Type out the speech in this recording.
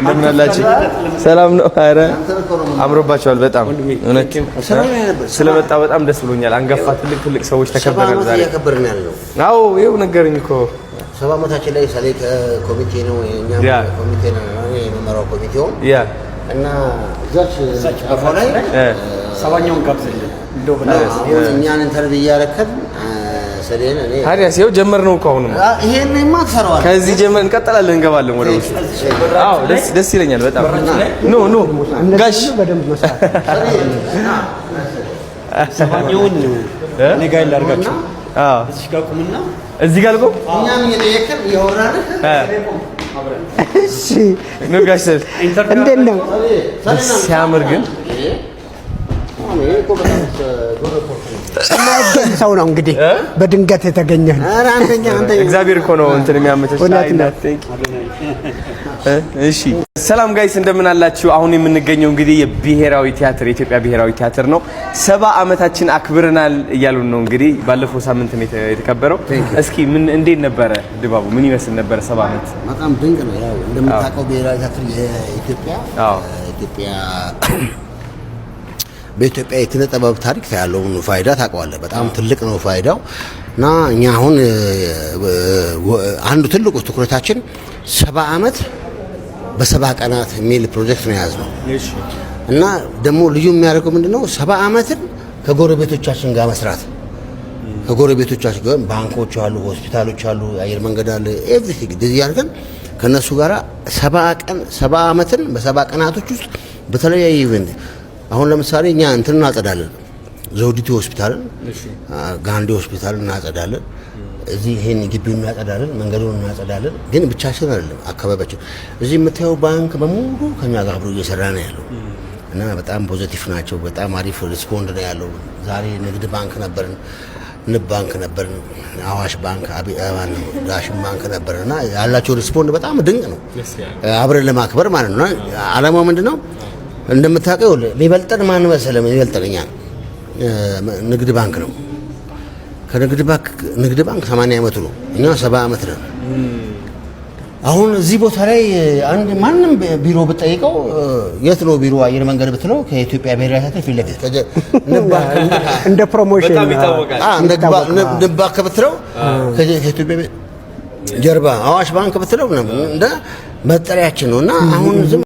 እንደምን አላችሁ? ሰላም ነው። አረ አምሮባችኋል በጣም እውነት። ስለመጣ በጣም ደስ ብሎኛል። አንጋፋ ትልቅ ትልቅ ሰዎች ተከበረን ዛሬ። አዎ ይኸው ነገረኝ እኮ ሰባ ዓመታችን ላይ ሳሌ ኮሚቴ ነው የኛ ኮሚቴ ነው የመመራው ኮሚቴው ያ እና እዛች ጫፏ ላይ ሰባኛውን ጋብዘልን እንደው ብላ እኛን ኢንተርቪው እያረከብን ታዲያስ ይኸው ጀመርነው እኮ አሁንማ። ይሄንማ ትሰራዋለህ። ከዚህ ጀመር እንቀጥላለን፣ እንገባለን ወደ ውስጥ። አዎ ደስ ደስ ይለኛል በጣም። ኖ ኖ ጋሽ አዎ እዚህ ጋር እዚህ ጋር እኛም ነው ጋሽ። እንዴት ነው ሲያምር ግን ሰው ነው እንግዲህ በድንገት የተገኘ እግዚአብሔር እኮ ነው እንትን የሚያመቻች። ሰላም ጋይስ እንደምን አላችሁ? አሁን የምንገኘው እንግዲህ የብሔራዊ ቲያትር የኢትዮጵያ ብሔራዊ ቲያትር ነው። ሰባ ዓመታችን አክብረናል እያሉን ነው እንግዲህ ባለፈው ሳምንት ነው የተከበረው። እስኪ ምን እንዴት ነበረ ድባቡ? ምን ይመስል ነበረ? ሰባ ዓመት በጣም ድንቅ ነው። እንደምታውቀው ብሔራዊ ቲያትር የኢትዮጵያ በኢትዮጵያ የኪነ ጥበብ ታሪክ ያለውን ፋይዳ ታውቀዋለህ። በጣም ትልቅ ነው ፋይዳው እና እኛ አሁን አንዱ ትልቁ ትኩረታችን ሰባ ዓመት በሰባ ቀናት የሚል ፕሮጀክት ነው የያዝነው እና ደግሞ ልዩ የሚያደርገው ምንድነው ሰባ ዓመትን ከጎረቤቶቻችን ጋር መስራት ከጎረቤቶቻችን ጋር ባንኮች አሉ፣ ሆስፒታሎች አሉ፣ አየር መንገድ አለ፣ ኤቭሪቲንግ እንደዚህ አድርገን ከእነሱ ጋር ሰባ ቀን ሰባ ዓመትን በሰባ ቀናቶች ውስጥ በተለያዩ ኢቨንት አሁን ለምሳሌ እኛ እንትን እናጸዳለን፣ ዘውዲቱ ሆስፒታልን፣ ጋንዴ ሆስፒታልን እናጸዳለን። እዚህ ይሄን ግቢ እናጸዳለን፣ መንገዱን እናጸዳለን። ግን ብቻችን አይደለም አካባቢያችን። እዚህ የምታየው ባንክ በሙሉ ከኛ ጋር አብሮ እየሰራ ነው ያለው እና በጣም ፖዘቲቭ ናቸው። በጣም አሪፍ ሪስፖንድ ነው ያለው። ዛሬ ንግድ ባንክ ነበርን፣ ንብ ባንክ ነበርን፣ አዋሽ ባንክ፣ ዳሽን ባንክ ነበር እና ያላቸው ሪስፖንድ በጣም ድንቅ ነው። አብረን ለማክበር ማለት ነው። አላማው ምንድን ነው? እንደምታውቀው የሚበልጠን ማን መሰለህ? የሚበልጠን እኛ ንግድ ባንክ ነው። ከንግድ ባንክ ንግድ ባንክ 80 ዓመቱ ነው፣ እኛ 70 ዓመት ነን። አሁን እዚህ ቦታ ላይ አንድ ማንም ቢሮ ብጠይቀው የት ነው ቢሮ አየር መንገድ ብትለው ከኢትዮጵያ ብሔራዊ ቲያትር ፊት ለፊት እንደ ፕሮሞሽን ንብ ባንክ ብትለው ከኢትዮጵያ ጀርባ አዋሽ ባንክ ብትለው እንደ መጠሪያችን ነው እና አሁን